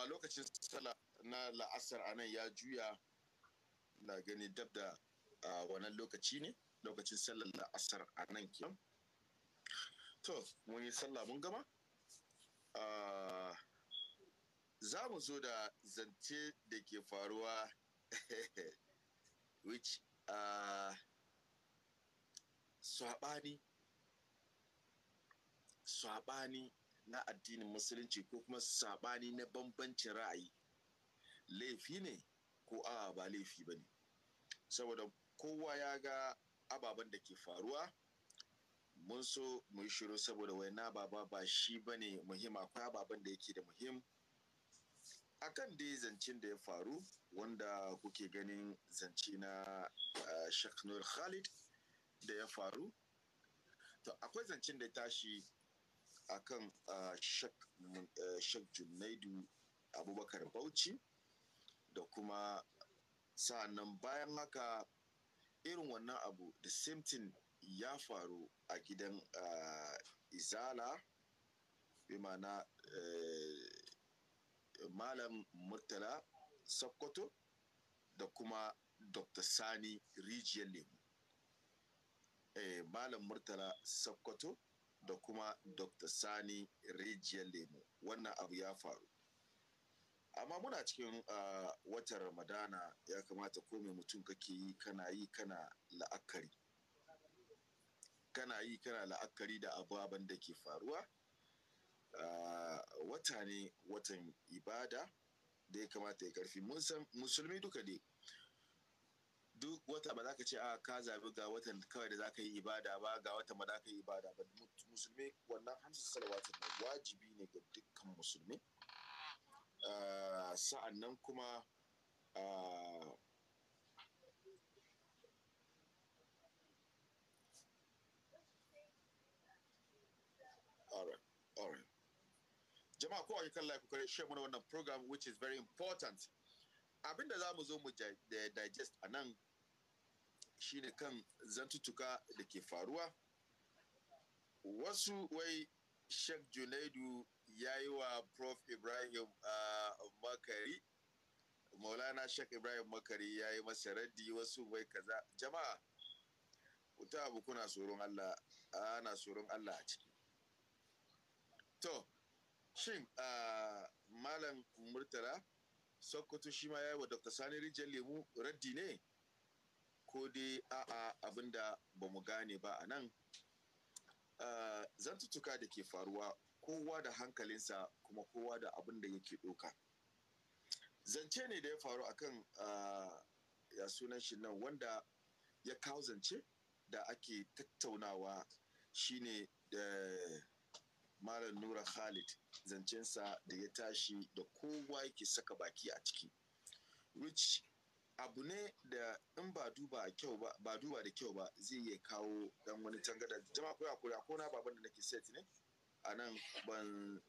amma lokacin sala na la'asar anan ya juya na gani dab da wannan lokaci ne lokacin sallar la'asar anan kenan to mun yi sallah mun gama za mu zo da zance da ke faruwa which uh, swabani na addinin musulunci ko kuma saɓani na bambancin ra'ayi laifi ne ko a ba laifi ba ne saboda kowa ya ga ababen da ke faruwa mun so mu yi shiru saboda waina baba ba shi ba ne muhim akwai ababen da yake da muhim akan dai zancen da ya faru wanda kuke ganin zance na uh, Khalid da ya faru to akwai zancen da ya tashi akan ah, eh, Sheikh junaidu abubakar bauchi da kuma sa'annan bayan haka irin wannan abu da same thing ya faru a gidan ah, izala bi mana eh, malam murtala sokoto da kuma dr sani rijiyar lemu eh, malam murtala sokoto da kuma dr sani rijiyar lemo wannan abu ya faru amma muna cikin watan ramadana ya kamata ko mai mutum kake yi kana yi kana la'akari kana yi kana la'akari da ababen da ke faruwa wata ne watan ibada da ya kamata ya karfi musulmi duka dai duk wata ba za ka ce a ah, ka zabi ga watan kawai da za ka yi ibada ba ga watan ba za ka yi ibada ba musulmi wannan hamsin salawatin na wajibi ne ga dukkan musulmi ah, sa'an nan kuma ah, jama'a ko ayyukan kan live kare wani mana wannan program which is very important abinda za mu zo mu digest a nan ne kan zantuttuka da ke faruwa wasu wai sheikh junaidu ya yi wa prof ibrahim ah, makari maulana sheikh ibrahim makari ya yi masa raddi wasu wai kaza jama'a wuta abu kuna tsoron allah ah, ana tsoron allah a ciki to shin ah, malam murtala sokoto shi ma ya yi wa dr sani rijiyar lemu raddi ne ko dai a'a abin da ba mu gane ba a nan eh, zantuttuka da ke faruwa kowa da hankalinsa kuma kowa da abin da yake doka zance ne da ya faru akan eh, ya sunan shi nan wanda ya kawo zance da ake tattaunawa shine eh, malam nura khalid zancensa da ya tashi da kowa yake saka baki a ciki which abu ne da in ba duba kyau ba ba duba da kyau ba zai iya kawo dan wani tangada jama'a ko akwai ko na baban da nake set ne a nan ban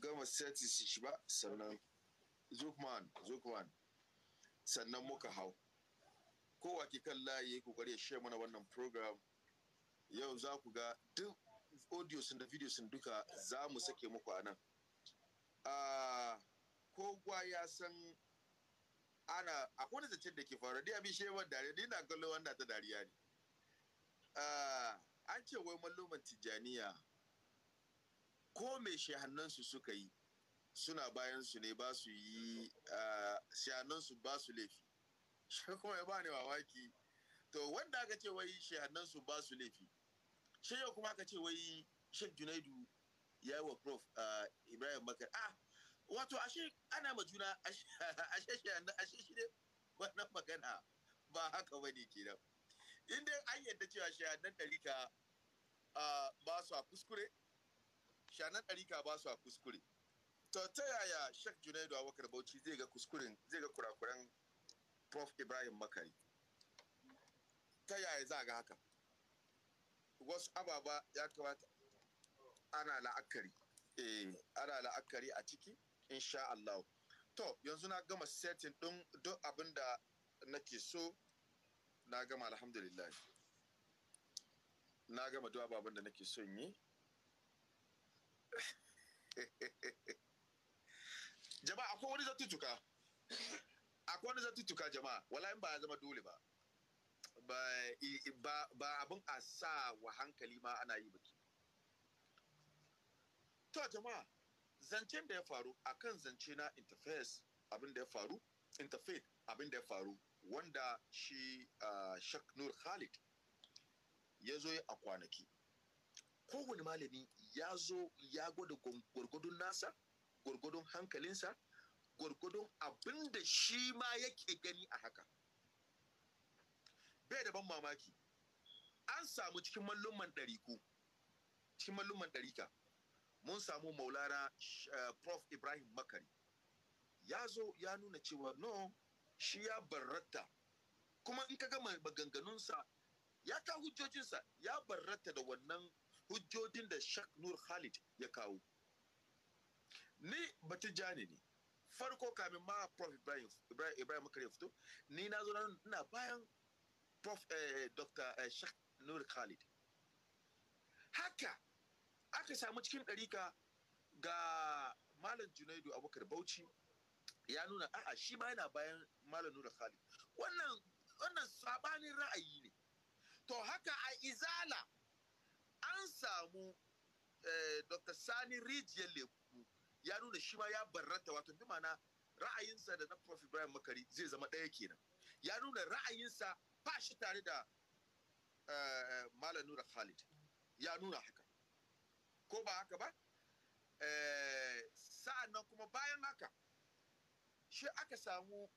gama set shi ba sannan zukman zukman sannan muka hau kowa ke kan layi kokari ya share mana wannan program yau za ku ga duk audio sun da video sun duka za mu sake muku a nan ah, kowa ya san ana akwai wani zancen da ke faru ni abin shewan dariya ni na kallon wanda ta dariya ne ah, an ce wai malluman tijjaniya ko mai shahannansu suka yi suna bayan su ne ba su yi ah, shahannansu ba su laifi shi kuma ya ba ni mamaki to wanda aka ce wai shahannansu ba su laifi shi yau kuma aka ce wai shek junaidu ya yi wa prof ah, ibrahim bakar ah wato ashe ana ma juna ashe shi ne wannan magana ba haka wani kenan in dai an yadda cewa shayanan ɗarika ba su a kuskure shayanan ɗarika ba su a kuskure to ta yaya shek junaidu abubakar bauchi zai ga kuskuren zai ga kurakuren prof ibrahim makari ta yaya za ga haka wasu ababa ya kamata ana la'akari eh ana la'akari a ciki insha Allah to yanzu na gama setting ɗin duk abin da nake so na gama alhamdulillah na gama duk abin da nake son yi jama'a akwai wani tuka. akwai wani tuka jama'a wala in ba ya zama dole ba ba abin a sa wa hankali ma ana yi baki to jama'a zancen da ya faru akan zance na interface abin da ya faru interfaith abin da ya faru wanda shi uh, Nur Khalid ya zo a kwanaki kowane malami ya zo ya gwada gwargwadon nasa gwargwadon hankalinsa gwargwadon abin da shi ma yake gani a haka bai da ban mamaki an samu cikin mallumman ɗariku cikin malluman ɗarika mun samu maulana eh, prof ibrahim makari ya zo ya nuna cewa no shi ya barratta kuma in ka gama maganganunsa ya kawo hujjojinsa ya barratta da wannan hujjojin da shak nur khalid ya kawo ni batijani ne farko kamin ma prof ibrahim ibrahim makari ya fito ni na zo na bayan prof eh, dr eh, shak nur khalid haka aka samu cikin ɗarika ga malam junaidu abubakar bauchi ya nuna a'a shi ma yana bayan malam nura khalid wannan sabanin ra'ayi ne to haka a izala an samu eh, dr sani rijiyar lebu ya nuna shi ma ya barrata wato bi mana ra'ayinsa da na prof ibrahim makari zai zama ɗaya kenan ya nuna ra'ayinsa ba shi tare da eh, malam nura khalid ya nuna haka ko ba haka ba eh, sa'an nan kuma bayan haka shi aka samu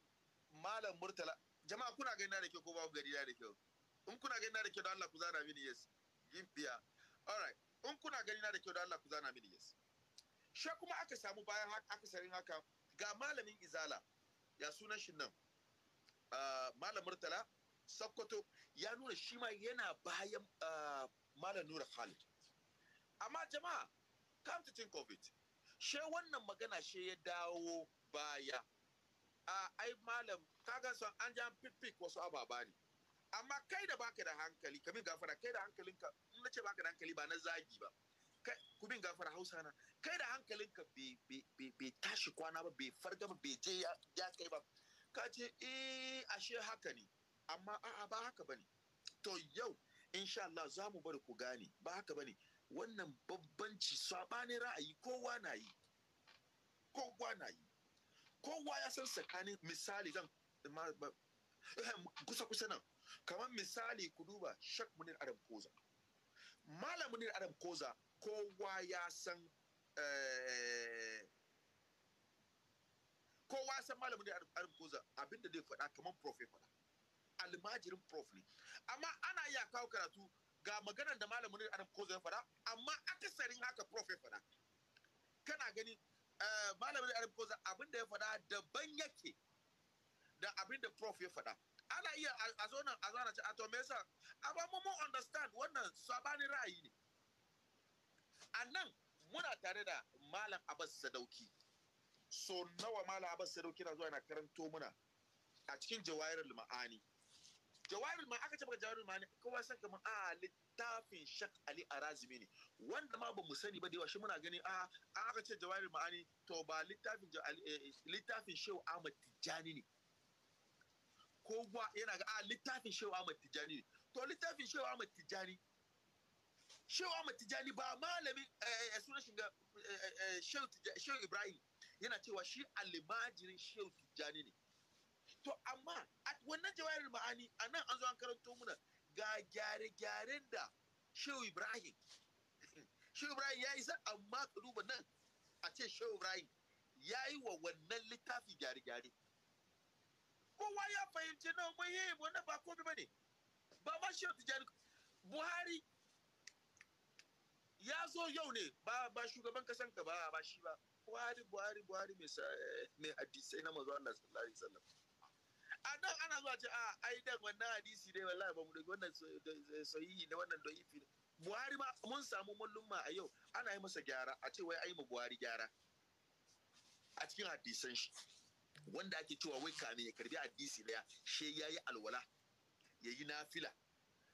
malam murtala jama'a kuna gani na da kyau ko babu gari na da kyau in kuna gani na da kyau da Allah ku zana mini yes yin biya alright in kuna gani na da kyau da Allah ku zana mini yes shi kuma aka samu bayan haka aka sarin haka ga malamin izala ya sunan shi nan ah, malam murtala Sokoto ya nuna shi ma yana bayan ah, malam Nura Khalid amma jama'a come to think of it she wannan magana she ya dawo baya a ai malam kaga son an jan pipik wasu ababa ne amma kai da baka da hankali kamin gafara kai da hankalinka in nace baka da hankali ba na zagi ba kai kubin gafara hausa na kai da hankalinka bai tashi kwana ba bai farga ba bai je ya kai ba ka ce eh ashe haka ne amma a'a ba haka bane to yau insha Allah za mu bari ku gane ba haka bane wannan babbanci sabanin ra'ayi kowa na yi kowa na yi kowa ya san tsakanin misali zan kusa kusa nan kamar misali ku duba shak munir adam koza malam munir adam koza kowa ya san eh, kowa san malamin da adam koza abinda zai faɗa kamar prof faɗa almajirin prof ne amma ana iya kawo karatu ga maganar da malamin adam kozo ya fada amma akasarin haka prof ya fada kana gani eh, malamin adam kozo abin da ya fada daban yake da abin da prof ya fada ana iya a nan a zana ci to me yasa amma mu mun understand wannan sabani ra'ayi ne a nan muna tare da malam abbas sadauki so nawa malam abbas sadauki na zuwa yana karanto muna a cikin jawahirul ma'ani jawarul ma aka ce baka jawarul ma ne kowa san kamar a littafin shak ali arazimi ne wanda ma ba mu sani ba da yawa shi muna gani a aka ce jawarul ne to ba littafin eh, littafin shehu ahmad tijjani ne kowa yana ga a littafin shehu ahmad tijjani ne to littafin shehu ahmad tijjani shehu ahmad tijjani ba malami eh, eh, sunan shiga shehu ibrahim yana cewa shi alimajirin shehu tijjani ne to amma wannan jawarar ma'ani a nan an zo an karanto muna ga gyare-gyaren da shehu ibrahim shehu ibrahim ya yi sa amma ka duba nan a ce shehu ibrahim ya yi wa wannan littafi gyare-gyare kowa ya fahimci nan mun yi wannan ba ko ba ne ba ma shehu tijjani buhari ya zo yau ne ba ba shugaban kasan ka ba ba shi ba buhari buhari buhari mai eh, hadisai na mazuwa Allah sallallahu alaihi wasallam a nan ana zuwa ce a ah, ai dan wannan hadisi ne wallahi ba mu da wannan sahihi ne wannan da'ifi ne buhari ma mun samu mallumma a yau ana yi masa gyara a ce wai ai mu buhari gyara a cikin hadisan shi wanda ake cewa wai kame ya karbi hadisi daya she yi alwala yayi nafila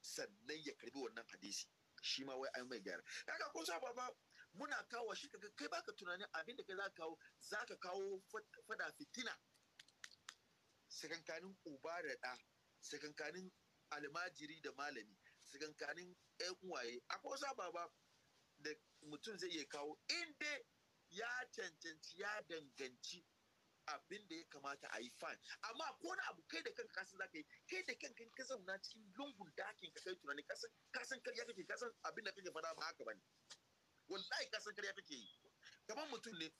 sannan ya karbi wannan hadisi shi ma wai ai mai gyara kaga kun sa baba muna kawo shi kaga kai baka tunanin abin da kai zaka kawo zaka kawo fada fitina sakankanin uba da ɗa sakankanin almajiri da malami sakankanin yan uwaye akwai wasu ababa da mutum zai iya kawo inda ya cancanci ya danganci abin da ya kamata a yi fine amma ko na abu kai da kanka kasan ka yi kai da kanka ka zauna cikin lungun dakin ka kai tunani kasan kasan karya kake kasan abin da kake fada ba haka bane wallahi kasan karya kake yi kamar mutum ne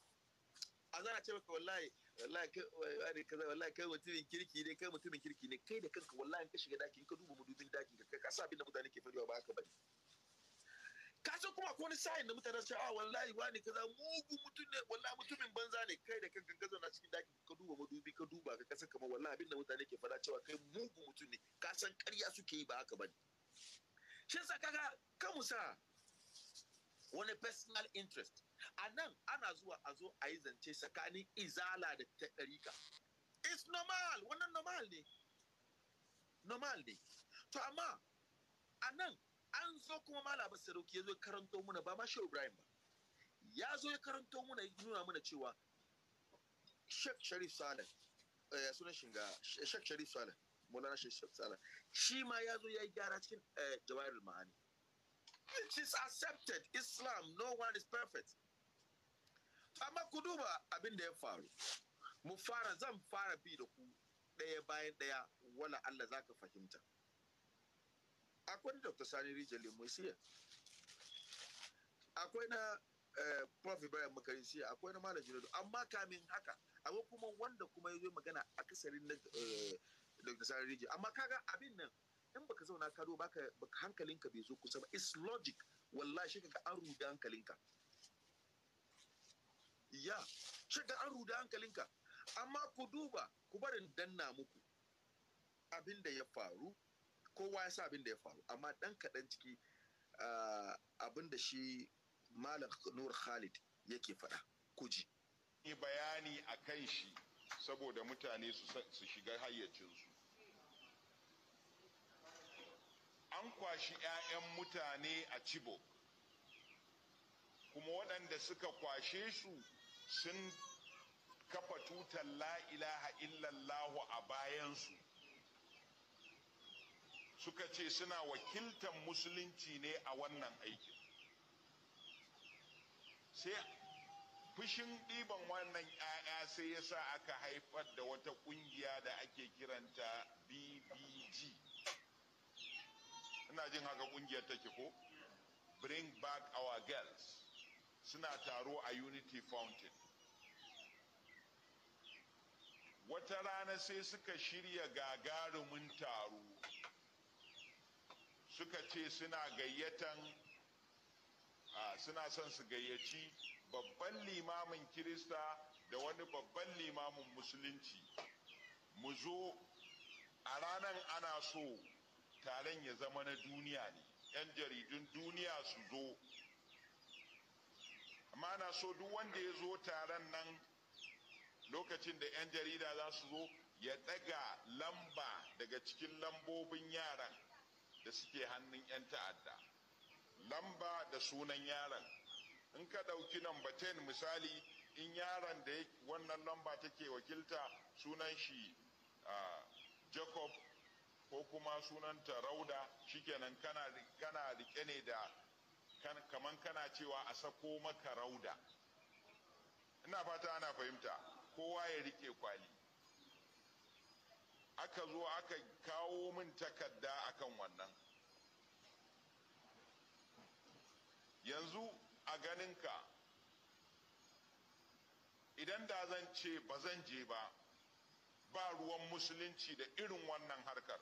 a zana ce maka wallahi wallahi kai wani kaza wallahi kai mutumin kirki ne kai mutumin kirki ne kai da kanka wallahi ka shiga dakin ka duba mudubin dakin ka ka sa abin da mutane ke faɗiwa ba haka bane ka san kuma ko wani sa'in da mutane sai a ah, wallahi wani kaza mugu mutum ne wallahi mutumin banza ne kai da kanka ka zauna cikin dakin ka duba madubi ka duba ka kasa kamar wallahi abin da mutane ke faɗa cewa kai mugu mutum ne ka san ƙarya suke yi ba haka bane shi yasa kaga kamusa wani personal interest a nan ana zuwa a zo a yi zance tsakanin izala da ta ɗarika it's normal wannan normal ne normal ne to amma a nan an zo kuma malaba sarauki ya zo karanto muna ba ma shehu ibrahim ba ya zo ya karanto muna nuna muna cewa shek sharif saleh eh, sunan shinga shek sharif saleh Maulana Sheikh Salah shi ma ya zo ya yi gyara cikin eh, Jawahirul Ma'ani. It is accepted Islam no one is perfect. amma ku duba abin da ya faru mu fara zan fara bi da ku ɗaya bayan ɗaya wala Allah za ka fahimta akwai dr sani rijali musiya akwai na eh, prof ibrahim makarisi akwai na malam jinadu amma kamin haka akwai kuma wanda kuma ya zo magana akasarin na eh, dr sani rijali amma kaga abin nan in baka zauna ka baka hankalinka bai zo kusa ba it's logic wallahi shi kaga an rubi hankalinka ya shiga an ruda hankalinka amma ku duba ku barin danna muku abin da ya faru kowa ya sa abin da ya faru amma dan kaɗan ciki ah, abin da shi malam nur khalid yake faɗa kuji yi bayani a kan shi saboda mutane su shiga hayyacinsu an kwashi 'ya'yan mutane a cibo kuma waɗanda suka kwashe su sun kafa tutar la ilaha illallahu a bayansu suka ce suna wakiltar musulunci ne a wannan aikin sai fushin ɗiban wannan 'ya'ya sai ya sa aka haifar da wata ƙungiya da ake kiranta bbg ina jin haka ƙungiyar take ko bring back our girls suna taro a unity fountain wata rana sai suka shirya gagarumin taro suka ce suna gayyatan suna son su gayyaci babban limamin kirista da wani babban limamin musulunci mu zo a ranar ana so taron ya zama na duniya ne 'yan jaridun duniya su zo amma ana so duk wanda ya zo taron nan lokacin da 'yan jarida za su zo ya daga lamba daga cikin lambobin yaran da suke hannun 'yan ta'adda lamba da sunan yaran in ka ɗauki lamba 10 misali in yaran da wannan lamba take wakilta sunan shi jacob ko kuma sunanta rauda shikenan kana rike ne da kaman kana cewa a sako maka rauda ina fata ana fahimta kowa ya rike kwali aka zo aka kawo min takarda akan wannan yanzu a ganinka idan da zan ce ba zan je ba ba ruwan musulunci da irin wannan harkar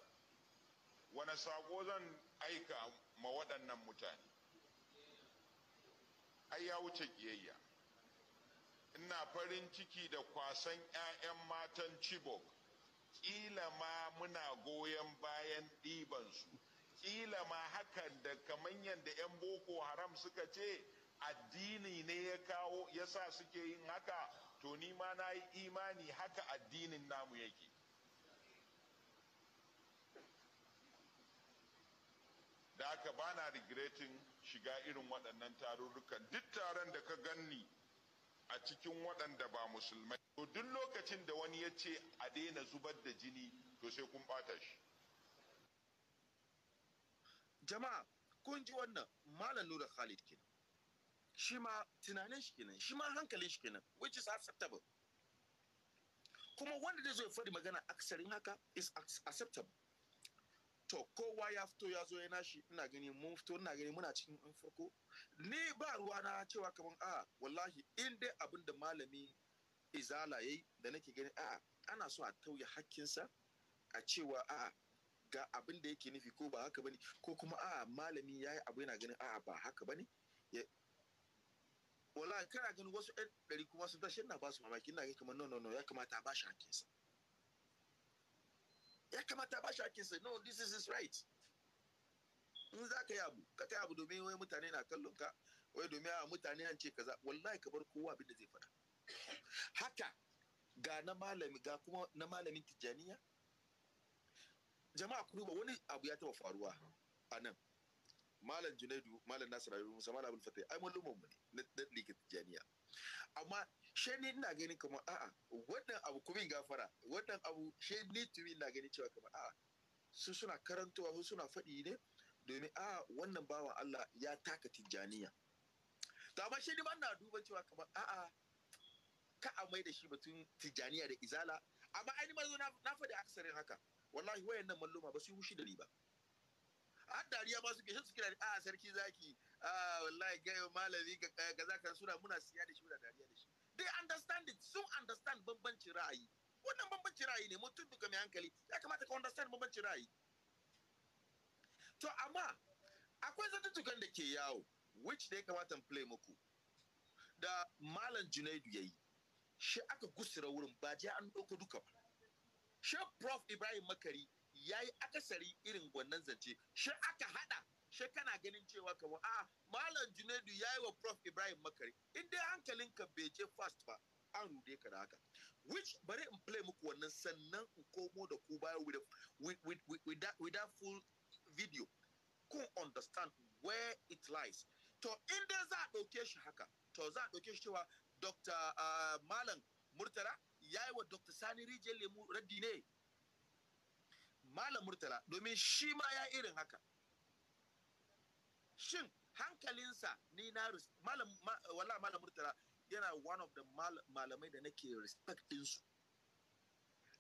wane sako zan aika ma waɗannan mutane ai ya wuce kiyayya ina farin ciki da kwasan 'ya'yan matan chibok kila ma muna goyon bayan su, kila ma hakan da kamar yadda 'yan boko haram suka ce addini ne ya kawo yasa suke yin haka to ni ma na yi imani haka addinin namu yake da aka bana regretting shiga irin waɗannan tarurrukan duk taron da ka ganni a cikin waɗanda ba musulmai to duk lokacin da wani ya ce a daina zubar da jini to sai kun ɓata shi jama'a kun ji wannan malam nura khalid kenan shi ma tunanin shi kenan shi ma hankalin shi kenan which is acceptable kuma wanda zai zo ya faɗi magana aksarin haka is acceptable to kowa ya fito ya zo ya nashi ina gani mun fito ina gani muna cikin an farko ni ba ruwa na cewa kaman a wallahi in dai abin da malami izala yayi da nake gani a ana so a tauye hakkinsa a cewa a ga abin da yake nufi ko ba haka bane ko kuma a malami yayi abu yana ganin a ba haka bane wallahi kana ganin wasu ɗan ɗari kuma sun tashi ina ba su mamaki ina ga kaman no no no ya kamata a ba shi hakkinsa ya kamata ba shi sai no this is his right in za ka yi abu ka kai abu domin wai mutane na kallon ka wai domin a ah, mutane an ce kaza wallahi ka bar kowa abin da zai faɗa haka ga na malami ga kuma na malamin tijjaniya jama'a kuma wani abu ya taba faruwa a nan malam junaidu malam nasiru musa malam abul fatai ai mallumin mu ne na likita tijjaniya amma she ni ina ganin kamar a'a wannan abu kumin gafara wannan abu she ni to ina ganin cewa kamar a'a su suna karantowa su suna faɗi ne domin 'A'a wannan bawan Allah ya taka tijjaniya to amma shi ba na duba cewa kamar a'a ka a mai da shi batun tijjaniya da izala amma ainihin mazo na faɗi aksarin haka wallahi wayannan malluma ba su yi hushi da riba har dariya ma su ke shi su kira a sarki zaki ah wallahi ga malami ka kaza ka suna muna siya da shi muna dariya da shi they understand it sun understand bambancin ra'ayi wannan bambancin ra'ayi ne mutum duka mai hankali ya kamata ka understand bambancin ra'ayi to amma akwai zantutukan da ke yawo which da ya kamata in play muku da malam junaidu ya yi shi aka gusura wurin ba je an ɗauka duka ba shi prof ibrahim makari ya yi akasari irin wannan zance shi aka ganin cewa kamar a ah, malam junaidu ya yi wa prof ibrahim makari in dai hankalinka bai je fast ba an rude ka da haka which bari in play muku wannan sannan in komo da ku baya with, with, with, with, that, full video kun understand where it lies to in dai za a ɗauke shi haka to za a ɗauke shi cewa dr ah, malam murtala ya yi wa dr sani rijiyar lemu raddi ne malam murtala domin shi ma ya irin haka shin hankalinsa ni na malam wala malam murtala yana one of the malamai da nake respect din su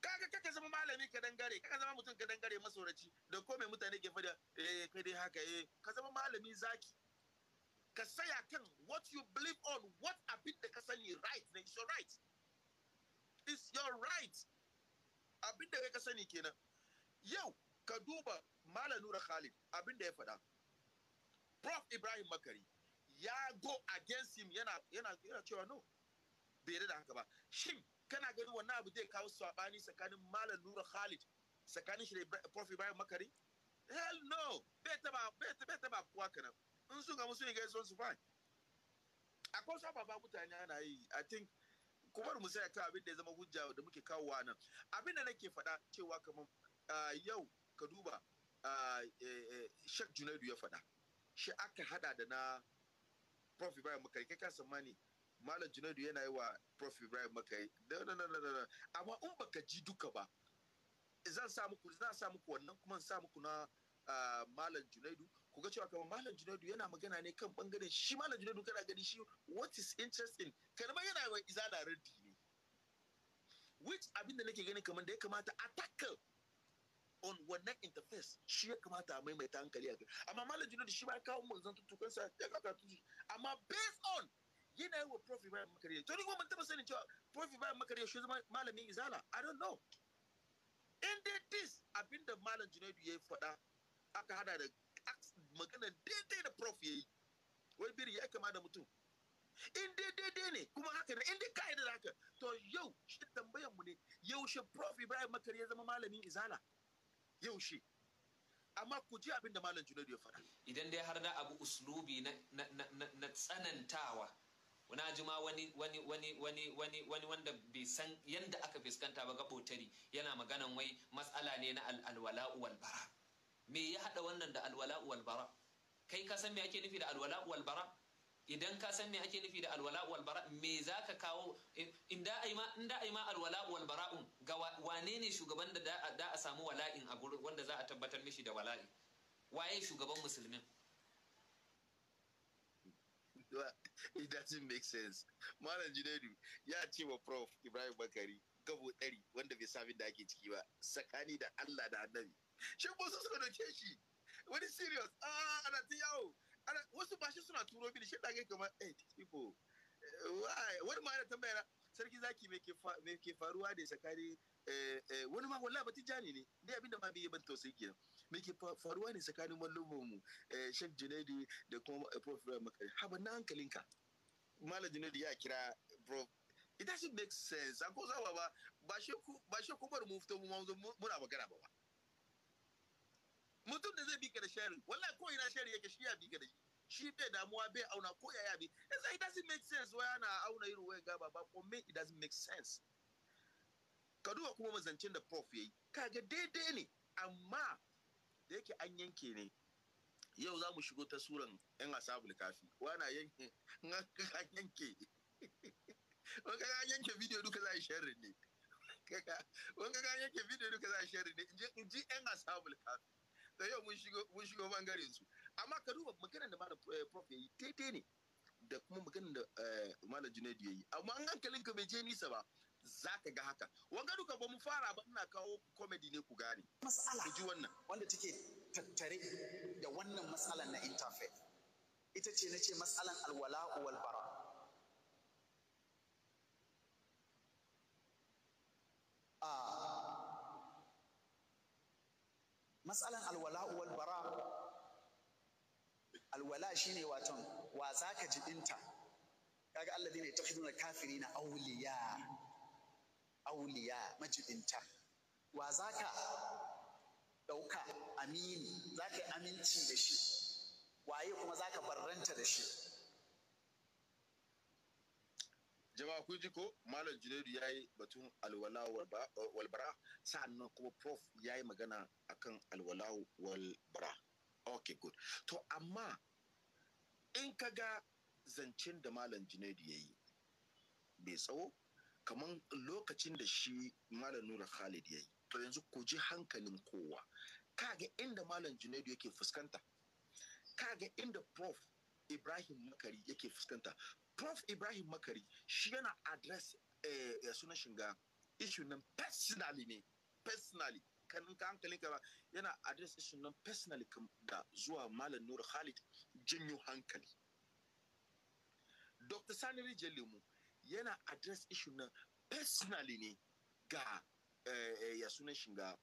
kaga kake zama malami ka dangare kaka zama mutum ka dangare masoraci da ko mutane ke fada eh kai dai haka eh ka zama malami zaki ka saya kan what you believe on what abin da ka sani right na your right is your right abin da ka sani kenan yau ka duba malam nura khalid abin da ya faɗa prof ibrahim makari ya go against him yana yana yana cewa no bai da haka ba shin kana gani wannan abu zai kawo sabani tsakanin malam nura khalid tsakanin shi da prof ibrahim makari hell no bai taba bai taba taba kuwa kana in sun ga musu ne sun su fa akwai saba ba mutane ana yi i think kuma mu sai kawo abin da ya zama hujja da muke kawowa nan abin da nake faɗa cewa kamar ah, yau ka duba ah, eh, eh, shek junaidu ya faɗa shi aka hada da na prof ibrahim makari kai ka mani malam junaidu yana yi wa prof ibrahim makari amma in baka ji duka ba zan sa muku zan sa muku wannan kuma sa muku na ah, malam junaidu ku ga cewa kamar malam junaidu yana magana ne kan bangaren shi malam junaidu kana gani shi what is interesting kalmar yana yi wa izala raddi ne which abin da nake gani kamar da ya kamata a tackle on wannan interface shi ya kamata a maimaita hankali a kai amma malam jino da shi ba kawo mun zan to sa ya kawo tutu amma based on yana yi wa prof ibrahim makariya to ni kuma ban taba sanin cewa prof ibrahim makariya shi zama malamin izala i don't know in dai this abinda malam junaidu ya yi faɗa aka hada da magana daidai da prof ya wai biri ya kama mutum in dai daidai ne kuma haka ne in dai ka'ida da haka uh, to yau shi tambayar mu ne yaushe prof ibrahim makariya zama malamin izala yaushe amma ku ji abin da malam junaidu ya faɗa idan dai har da abu uslubi na tsanantawa na ji ma wani wani wani wani wani wani wanda bai san yadda aka fuskanta ba gabotari yana maganan wai matsala ne na alwala'u wal me ya haɗa wannan da alwala'u wal kai ka san me ake nufi da alwala'u wal idan ka san me ake nufi da alwala wal bara me za ka kawo in da ai ma in da ai ma alwala wal bara'un ga wane ne shugaban da da a samu wala'in a gurin wanda za a tabbatar mishi da wala'i waye shugaban musulmin it doesn't make sense malam junaidu ya ce wa prof ibrahim bakari gabo dari wanda bai sami da ake ciki ba sakani da allah da annabi shi ba su suka doke shi wani serious ah ana ta yawo wasu ba shi suna turo mini shi da kai kamar eh people eh, wani ma yana tambaya sarki zaki me ke faruwa da eh, eh wani ma wallahi ba tijani ne dai abinda ma bai ban tausayi kenan me ke faruwa ne tsakanin mallum'in mu eh, Sheikh Junaidu da kuma Prof Makari haba na hankalinka Malam Junaidu ya kira Prof it doesn't make sense akwai zawa ba ba shi ku ba shi ku bar mu fito mu muna magana ba ba mutum da zai bi ka da shari wallahi ko ina shari yake shi ya bi ka da shi shi bai damuwa bai auna ko ya ya bi it doesn't make sense waya na auna irin waya gaba ba ko me it doesn't make sense ka duba kuma mazancin da prof yayi kaga daidai ne amma da yake an yanke ne yau za mu shigo ta suran yan asabul kafi wana yanke an yanke wanga an yanke bidiyo duka za a yi ne wanga an yanke bidiyo duka za a yi ne in ji yan asabul kafi da yau mun shigo mun shigo bangaren su amma ka duba maganar da malam eh, prof yayi tete ne da kuma maganar da eh, malam Junaidu yayi amma an hankalin ka bai je nisa ba za ka ga haka wanga duka ba mu fara ba ina kawo comedy ne ku gane mas'ala ku ji wannan wanda take tattare da wannan masalan na interfaith ita ce nace masalan alwala wal bara matsalan alwala wal bara alwala shine waton wa zaka jibinta kaga alladina yattakhiduna kafirina awliya awliya majibinta wa zaka dauka amini zaka aminci da shi waye kuma zaka barranta da shi jama'a kun ji ko malam junaidu ya yi batun alwala walbara sa'annan kuma prof ya yi magana akan alwala walbara ok good to amma in ka ga zancen da malam junaidu ya yi bai tsawo kamar lokacin da shi malam nura khalid ya yi to yanzu ku ji hankalin kowa kaga inda malam junaidu yake fuskanta kaga inda prof ibrahim makari yake fuskanta prof ibrahim makari shi yana address eh, ya suna shiga issue nan personally ne personally kanin ka hankalin ka ba yana address issue nan personally da zuwa malam nur khalid janyo hankali dr saniri jelimu yana address issue nan personally ne ga eh, ya shinga shiga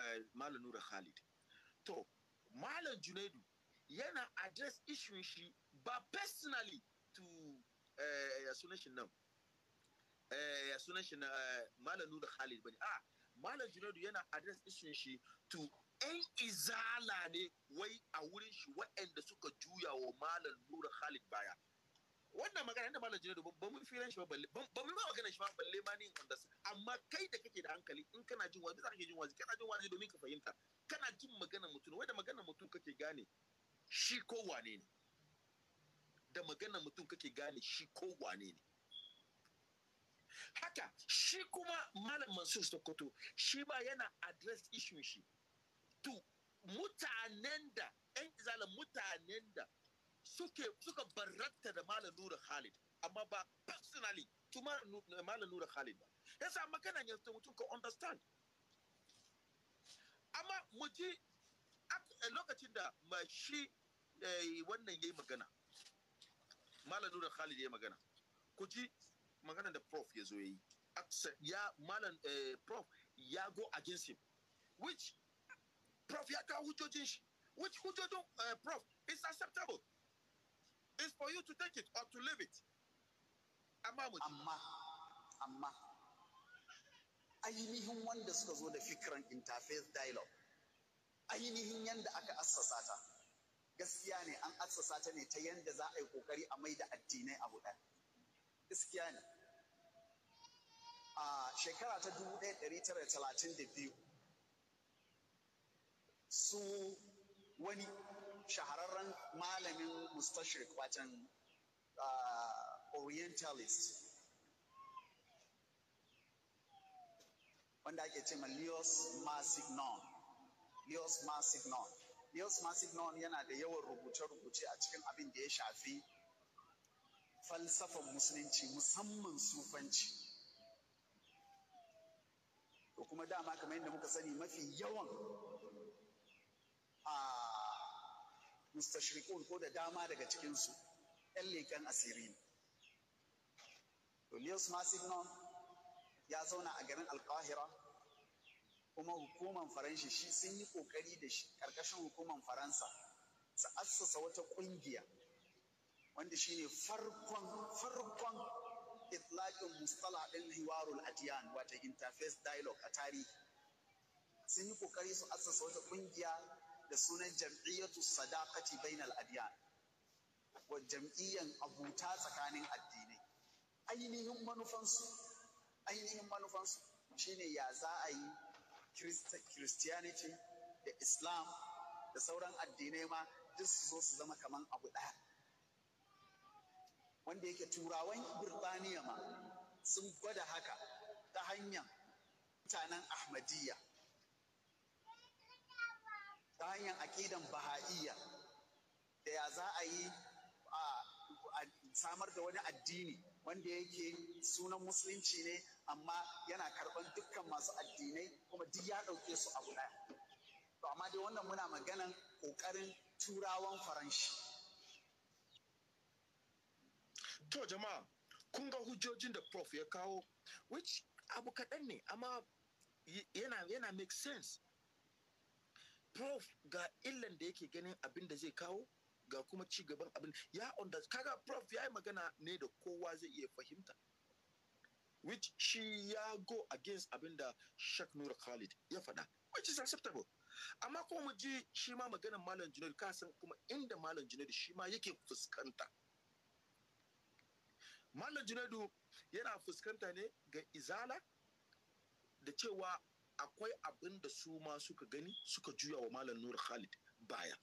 eh, malam nur khalid to malam junaidu yana address issue shi ba personally to eh, ya suna shi nan eh, ya suna shi na eh, malam nuna khalid bane a ah, malam junaidu yana address issues shi to ɗan izala ne wai a wurin shi waɗanda suka juya wa malam nuna khalid baya wannan magana da malam junaidu ba mun firan shi ba balle ba mun ba magana shi ba balle ma ni on amma kai da kake da hankali in kana jin wazi zaka jin wazi kana jin wazi domin ka fahimta kana jin magana mutum wai da magana mutum kake gane shi ko wane ne da magana mutum kake gane shi ko wane ne haka shi kuma malam mansur sokoto shi ba yana address issue shi to mutanen da yan izalin mutanen da suke suka barratta da malam nura khalid amma ba personally to malam nura khalid ba yasa magana yanzu mutum ka understand amma mu ji lokacin da ma shi eh, wannan yayi magana malam nura khalid ya magana ku ji magana da prof ya zo ya yi ya malam eh, prof ya go against him which prof ya kawo hujjojin shi which hujjojin eh, prof is acceptable is for you to take it or to leave it amma mu amma amma ainihin wanda suka zo da fikiran interfaith dialogue ainihin yanda aka assasa ta gaskiya ne an aksasa ta ne ta yanda za a yi kokari a mai da addinai a ɗaya gaskiya ne a shekara ta 1932 su wani shahararren malamin mustashrik watan orientalist wanda ake ce ma Leos Masignon Leos Masignon Niels non yana da yawan rubuce-rubuce a cikin abin da ya shafi falsafan musulunci musamman sufanci. To kuma dama kamar yadda muka sani mafi yawan a mustashrikun ko da dama daga cikinsu 'yan leƙen asiri. To Niels Masignon ya zauna a garin Alkahira kuma hukumar faransa shi sun yi kokari da shi karkashin hukuman faransa su assasa wata kungiya wanda shi ne farkon farkon itlaƙin mustala ɗin hiwarul adiyan wata interface dialogue a tarihi sun yi kokari su assasa wata kungiya da sunan jam'iyyatu sadaqati bainal adiyan wa jam'iyyan abuta tsakanin addinai ainihin manufansu ainihin manufansu shine ya za a yi Christianity da Islam da sauran addinai ma duk su zo su zama kaman abu ɗaya. Wanda yake turawan Birtaniya ma sun gwada haka ta hanyar mutanen Ahmadiyya, ta hanyar aƙidan Baha'iyya da ya za a yi a samar da wani addini wanda yake sunan musulunci ne amma yana karban dukkan masu addinai kuma duk ya ɗauke su abu ɗaya to amma dai wannan muna maganan ƙoƙarin turawan faranshi to jama'a kun ga hujjojin da prof ya kawo which abu kaɗan ne amma yana yana make sense prof ga illan da yake ganin abin da zai kawo ga kuma ci gaban abin ya onda kaga prof ya yi magana ne da kowa zai iya fahimta which she ya go against abinda Sheikh nura Khalid ya faɗa which is acceptable amma kuma mu ji shi ma magana Malam Junaidu ka san kuma inda Malam Junaidu shi ma yake fuskanta Malam Junaidu yana fuskanta ne ga izala da cewa akwai abinda da su ma suka gani suka juya wa Malam nura Khalid baya